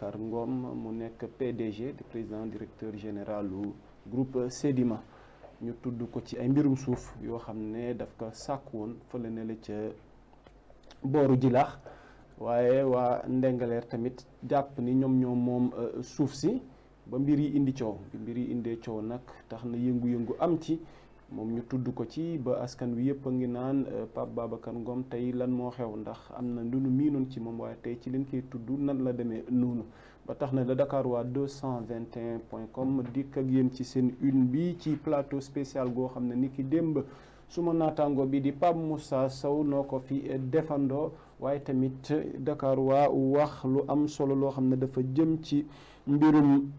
Kar Ngom mu nekk PDG di président directeur général du groupe Sedima ñu tudd ko ci ay mbirum suuf yoo xam ne daf ko sàkk woon fële ne la ca booru jilaax waaye waa Ndengaleer tamit jàpp ni ñoom ñoom moom euh, suuf si ba mbir yi indi coow bi mbir yi indee coow nag tax na yëngu-yëngu am ci moom ñu tudd ko ci ba askan wi yëpp a ngi naan euh, Pape Babacar ngoom tey lan moo xew ndax am na lu nu miinoon ci moom waaye tey ci liñ koy tudd nan la demee noonu ba tax na la dakaar waa 221 point com dikk ak yéen ci seen une bi ci plateau spécial goo xam ne ni ki démb suma naataango bi di Pape Moussa Sow noo ko fi defandoo waaye tamit Dakar waa wax lu am solo loo xam ne dafa jëm ci mbirum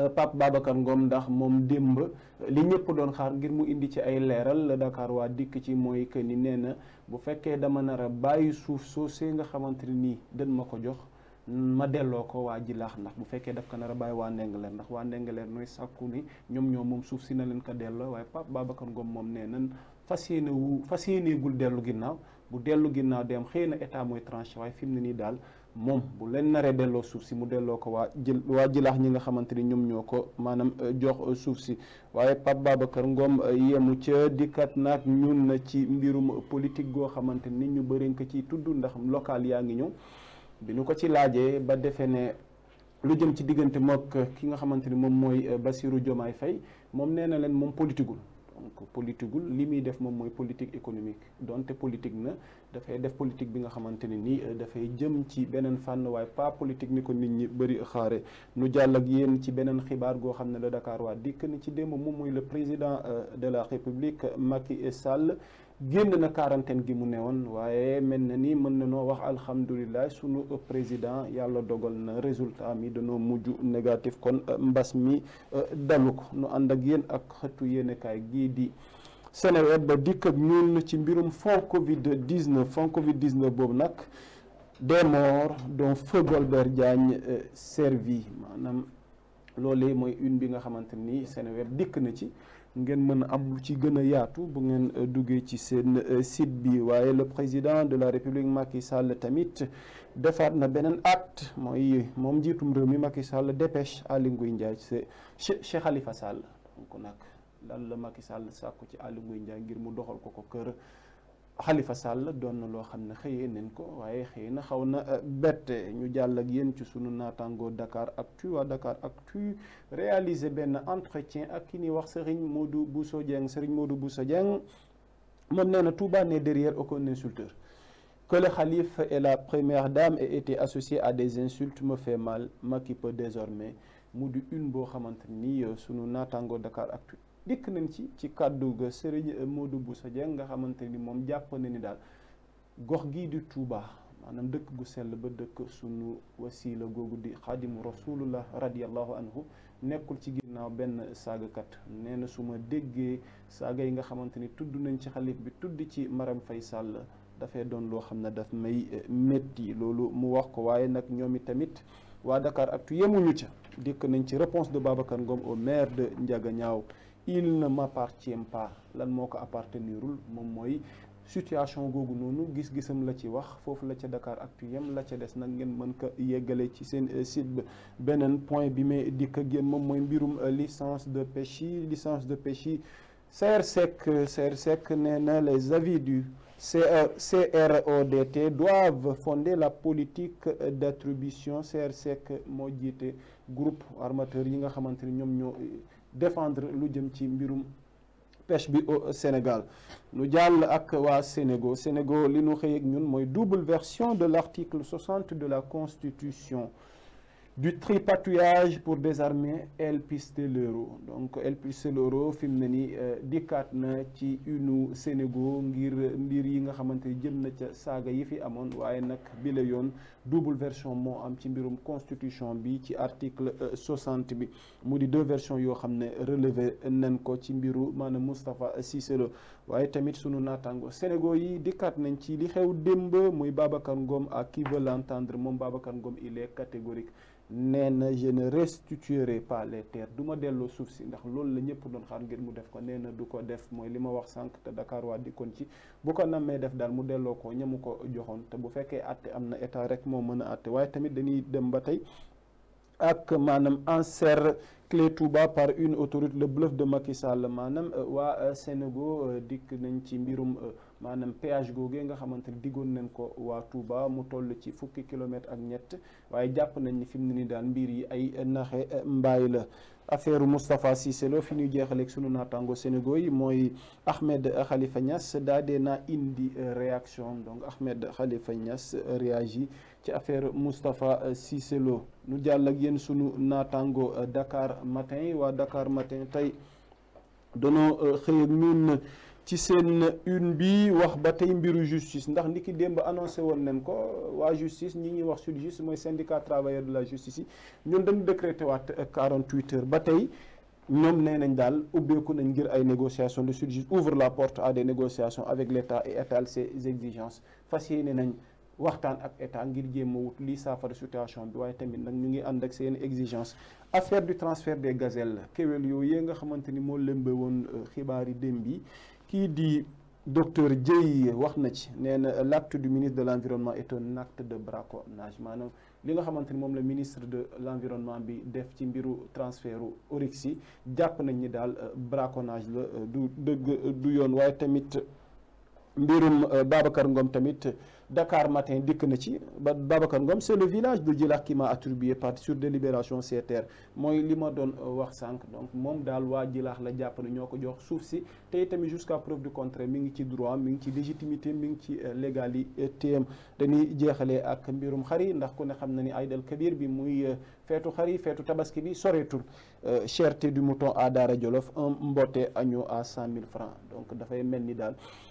Euh, Pape Babacar Ngom ndax moom démb li ñëpp doon xaar ngir mu indi ci ay leeral la dakaar waa dikk ci mooy que ni nee na bu fekkee dama nar a bàyyi suuf soosee nga xamante nii dañ ma ko jox ma delloo ko waa jilaax ndax bu fekkee daf ko nar a bàyyi waa Ndengaleer ndax waa Ndengaleer nooy sàkku ni ñoom ñoom moom suuf si na leen ko delloo waaye Pape Babacar Ngom moom nee nan fas yéene wu fas yéeneegul dellu ginnaaw bu dellu ginnaaw dem xëy na état mooy tranché fi mu ne nii daal moom bu leen naree delloo suuf si mu delloo ko waa jël waa jilaax ñi nga xamante ni ñoom ñoo ko maanaam euh, jox euh, suuf si waaye Pape Babacar Ngom euh, yemu ca dikkat naag ñun na ci mbirum politique goo xamante ni ñu bëri ko ciy tudd ndax local yaa ngi ñëw bi ñu ko ci laajee ba defee ne lu jëm ci diggante mook ki nga xamante ni moom mooy Bassirou Diomaye Faye moom nee na leen moom politiqueul ko politigul li def mom moy politique économique donte politique na dafay def politique bi nga xamanteni ni nii euh, dafay jëm ci benen fànn way pas politique ni ko nit ñi bari xaré nu jàll ak yéen ci benen xibar go xam le Dakar wa dik ni ci dem mom moy le président euh, de la République Macky Sall génn na quarantaine gi mu ne woon waaye mel na ni mën na noo wax alhamdulilah suñu président yàlla dogal na résultat mi danoo mujj négatif kon euh, mbas mi euh, dalu ko nu ànd ak yéen ak xëtu yéenekaay gii di Seneweb ba dikk ak ñun ci mbirum fond Covid 19 fond Covid 19 boobu nag des morts dont feu Golbert Diagne euh, servi maanaam loolee mooy une bi nga xamante ni Seneweb dikk na ci. ngeen mën a am lu ci gën a yaatu bu ngeen euh, duggee ci seen euh, site bi waaye le président de la république Macky Sall tamit defaat na beneen at mooy moom njiitum réew mi Macky Sall dépêche Aly Ngouille Ndiaye c'est Cheikh Khalifa Sall donc nag lan la Macky sàll sàkku ci Aly Ngouille Ndiaye ngir mu doxal ko ko kër. Khalifa Sall doon lo loo xeyé ne nañ ko waaye xëy na xaw na euh, bette ñu jall ak yeen ci sunu réaliser ben entretien ak ki ñuy wax Serigne Modou Bousso Dieng Serigne Modou Bousso Dieng mo nee Touba né derrière aucun insulteur que le khalife et la première dame aient été associés à des insultes me fait mal ma qui peut désormais mu une boo xamante ni euh, sunu naataangoo Dakaractu dikk nañ ci ci kàddu ga Serigne Modou Bousso Dieng nga xamante ni moom jàpp na ni daal gox gii di Touba maanaam dëkk gu sell ba dëkk suñu wasiila googu di xaadimu rasulullah radiallahu anhu nekkul ci ginnaaw benn saagakat nee na su ma déggee saaga yi nga xamante ni tudd nañ ci xalif bi tudd ci Maram Fay sàll dafay doon loo xam ne daf may eh, métti loolu mu wax ko waaye nag ñoom i tamit waa Dakar ak tu yemuñu ca dékk nañ ci réponse de Babacar Ngom au maire de Ndiaganiao il ne m'appartient pas lan moque ko appartenirul moom mooy situation gogou nonou gis-gisam la ci wax fofu la ca Dakar Actu yam la ca des nak ngeen man ko yeggale ci sen euh, site benen point bi me que ngeen mom moy mbirum licence de pêche licence de pêche yi CRSEC CRSEC euh, nee na les avis du CRODT e, doivent fonder la politique euh, d'attribution CRSEC moo groupe armateur yi nga défendre le pêche au Sénégal Nous allons ak Sénégal Sénégal li nu double version de l'article 60 de la Constitution du tripatouillage pour désarmer El l'euro. donc El Pistolero fi mu ne nii euh, dikkaat na ci unu Sénégal ngir mbir yi nga xamante ni jëm na ca saaga yi fi amoon bi double version mo am ci mbirum constitution bi ci article 60 euh, bi Moudi di deux versions yo xamné ne relevé nañ ko ci mbiru manam Moustapha Cissé Lo waaye tamit sunu natango Sénégal yi dikat nañ ci li xew démb muy Babacar Ngom ak qui veut l'entendre mom Babacar Ngom il est catégorique nee na je ne restituerai duma les delloo suuf si ndax loolu la ñëpp doon xaar ngir mu def ko nee na du ko def mooy li ma wax sànq te Dakar waa dikkoon ci bu ko nammee def daal mu delloo ko ñamu ko joxoon te bu fekkee àtte am na état rek moo mën a àtte waaye tamit dañuy dem ba tey ak maanaam enser clé Touba par une autoroute le bluff de Macky Sall maanaam euh, waa euh, Sénégal euh, dikk nañ ci mbirum maanaam péage googee nga xamante ne diggoon nañ ko waa Touba mu toll ci fukki kilomètre ak ñett waaye jàpp nañ ni fi mu ne ni daan mbir yi ay naxe mbaay la affaire Moustapha Cissé Lo fi ñuy jeexaleeg sunu naataango Sénégal yi mooy Ahmed Khalifa Niass daa naa indi euh, réaction donc Ahmed Khalifa Niass euh, réagit ci affaire Moustapha euh, Cissé nu jàll ak yéen sunu naataango Dakar matin waa Dakar matin tey danoo xëy ñun. ci sen une bi wax ba tey mbiru justice ndax niki demb démb annoncé woon nañ ko wa justice ñi ñuy wax justice moy syndicat travailleur de la justice ñun ñoom dañu décrété waat 48 heures ba tey ñoom nee nañ daal ubbeeku nañ ngir ay négociations le justice ouvre la porte à des négociations avec l'État et étale ses exigences fas yéene nañ waxtaan ak état ngir jéem a wut lii saafara situation bi waaye tamit nak ñu ngi and ak seen exigence affaire du transfert des gazelles kewel yooyu ye nga xamanteni mo lembe won euh, xibaari Dembi. kii di docteur Dieye wax na ci nee na l' du ministre de l' environnement est un de braconnage maanaam li nga xamante ni moom la ministre de l' environnement bi def ci mbiru transfertu Oryx yi jàpp nañ ni daal euh, braconnage la euh, du dëgg euh, du yoon waaye tamit. mbirum euh, babakar Ngom tamit euh, Dakar Matin dik na ci babakar Ngom c'est le village de Djilakh qui m'a attribué par sur délibération CTR moy li ma doon euh, wax sank donc mom dal waa Djilakh la japp ne ñoko jox suuf si tey tamit jusqu'à preuve du contraire mi ngi ci droit mi ngi ci légitimité mi ngi ci légalité dañi jéxalé ak mbirum xari ndax ku ne xam na ni Aïd el Kabir bi muy feetu xari yi tabaski bi soreetul cherté du mouton à dara djolof un mbote agneau à 100000 francs donc da fay melni dal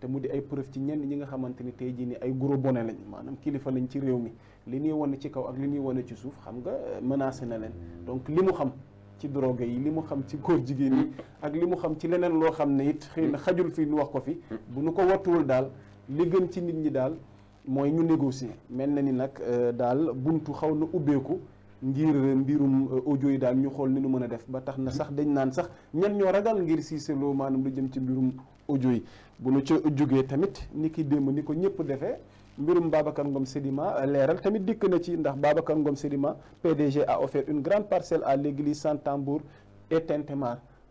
te mu di ay preuve ci ñenn ñi nga xamante ni tey jii ni ay gros bonnet lañ maanaam kilifa lañ ci réew mi li ñuy wane ci kaw ak li ñuy wane ci suuf xam nga euh, menacé na leen donc li mu xam ci drogue yi li mu xam ci góor jigéen yi ak li mu xam ci leneen loo xam ne it xëy xajul fii nu wax ko fi bu nu ko wattuwul daal li gën ci nit ñi daal mooy ñu négocier mel na ni nag euh, daal buntu xaw na ubbeeku ngir mbirum euh, audio yi daal ñu xool ni nu mën a def ba tax na sax dañ naan sax ñan ñoo ragal ngir Cissé Lo maanaam lu jëm ci mbirum audio yi bu nu ci jógee tamit ni ki démb ni ko ñëpp defee mbirum Babacar Ngom Sedima euh, leeral tamit dikk na ci ndax Babacar Ngom Sedima PDG a offert une grande parcelle à l'église Saint-Tambour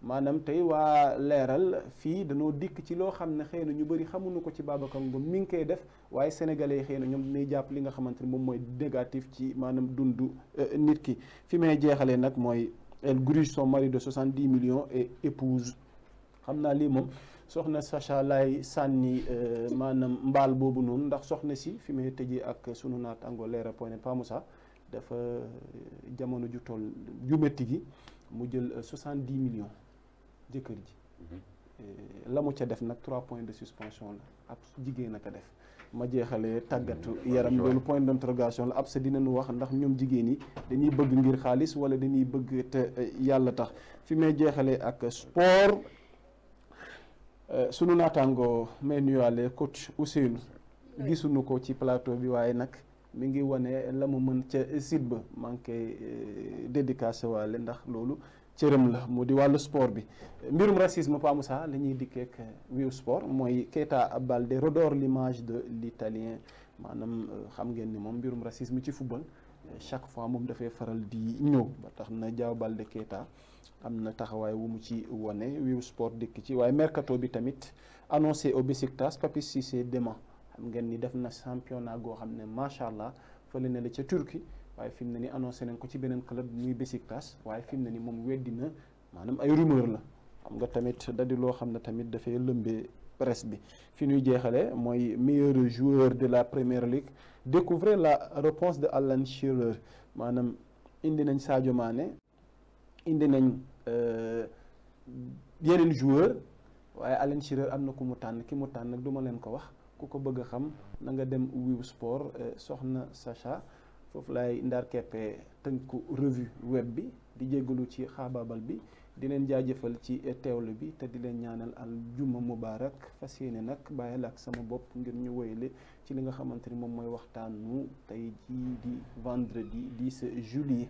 maanaam tey waa leeral fii danoo dikk ci loo xam ne xëy na ñu bëri xamuñu ko ci Babacar Ngom mi ngi koy def waaye sénégalais yi xëy na ñoom dañuy jàpp li nga xamante ni moom mooy négatif ci maanaam dundu euh, nit ki fi may jeexalee nag mooy elle gruge son mari de 70 millions xam naa lii moom soxna Sacha laay sànni euh, maanaam mbaal boobu noonu ndax soxna si fi may tëjee ak sunu naataango leeral point net Pa Moussa dafa euh, jamono ju toll ju métti gi mu jël 70 millions. jëkkër ji mhm. eh, la mu ca def nag trois points de suspension la ab jigéen a def ma jeexalee mhm. tàggatu yaram loolu point d'interrogation la ab sa dinañu wax ndax ñoom jigéen yi dañuy bëgg ngir xaalis wala dañuy bëgg te eh, yàlla tax fi may jeexalee ak sport eh, sunu naataango may nuyuwaale coach Ousseynou gisuñu ko ci plateau bi waaye nag mi ngi wane la mu mën ca site ba manqué dédicacé waale ndax loolu le la mu di le sport bi mbirum racisme Pa Moussa sport à l'image de l'italien Manam euh, ni mom mbirum racisme ci football euh, chaque fois mom dafay faral di na Baldé am wu mu ci sport de ci mercato annoncé au Besiktas Papi Cissé demain ni na championnat go, allah Turquie waaye fi mu ne ni annoncé nañ ko ci beneen club muy Besiktas waaye fi mu ne ni moom weddi na maanaam ay rumeur la xam nga tamit dadi di loo xam ne tamit dafay lëmbee presse bi fi ñuy jeexale mooy meilleur joueur de la première ligue découvrez la réponse de Alan Shearer maanaam indi nañ Sadio Mané indi nañ euh, yeneen joueur waaye Alan Shearer am na ku mu tànn ki mu tànn du ma leen ko wax ku ko bëgg a xam na nga dem wiw sport euh, soxna Sacha foofu lay ndar keppee tënku revue web bi di jéggalu ci xaabaabal bi di leen jaajëfal ci teewlu bi te di leen ñaanal al juma mubaarak fas yéene nag bàyyil ak sama bopp ngir ñu wéyale ci li nga xamante ni moom mooy waxtaanu tey jii di vendredi 10 juillet.